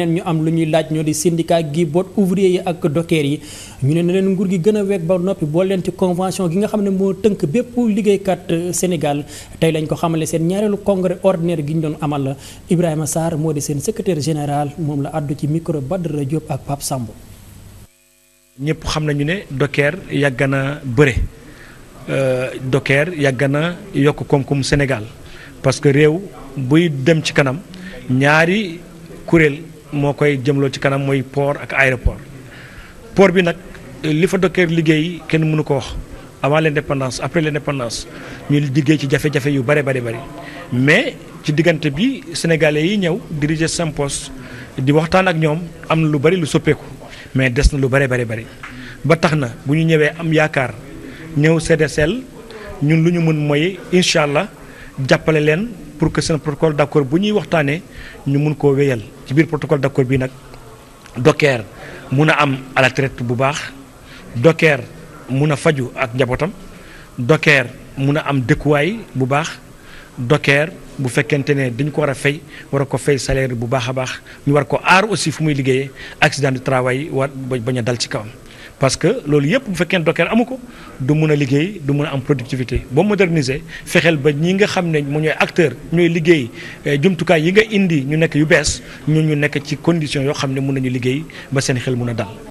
neen ñu am lu ñuy laaj ñoo di syndicat gi boot ouvrier yi ak docker yi ñu ne na leen nguur gi gën a weeg ba noppi boo leen ci convention gi nga xam ne moo tënk bépp liggéeykat euh, Sénégal tey lañ ko xamale seen ñaareelu congrès ordinaire gi ñu doon amal la Ibrahima Sarr moo di seen secrétaire général moom la àddu ci micro Badara Diop ak Pape Samb ñëpp xam nañu ne docker yàgg na bëre euh, docker yàgg na yokk koom-koom Sénégal parce que réew buy dem kanam moo koy jëmloo ci kanam mooy port ak aéroport poor bi nag li fa Docteur liggéey kenn mënu ko wax avant l'indépendance après l'indépendance ñu liggéey ci jafe-jafe yu bare bari bari mais ci diggante bi sénégalais yi ñëw diriger Sonpos di waxtaan ak ñoom am na lu bari lu soppeeku mais des na lu bare bari bari ba tax na bu ñu ñëwee am yaakaar ñëw CDSL ñun lu ñu mën mooy incha allah jàppale leen. pour que seen protocole d' bu ñuy waxtaanee ñu mun koo wéyal ci biir protocole d' accord bi nag Docker mun a am à bu baax Docker mun a faju ak njabootam Docker mun a am dëkkuwaay bu baax Docker bu fekkente ne dañ ko war a fay war a ko fay salaire bu baax a baax ñu war ko aar aussi fu muy liggéeyee accident du travail war bañ a dal ci kawam. parce que loolu yëpp bu fekkee ne docker amu ko du mun a liggéey du mun a am productivité boo moderniser fexeel ba ñi nga xam ne mu ñooy acteur ñooy liggéey eh, jumtukaay yi nga indi ñu nekk yu bees ñun ñu nekk ci condition yoo xam ne mun nañu liggéey ba seen xel mun a dal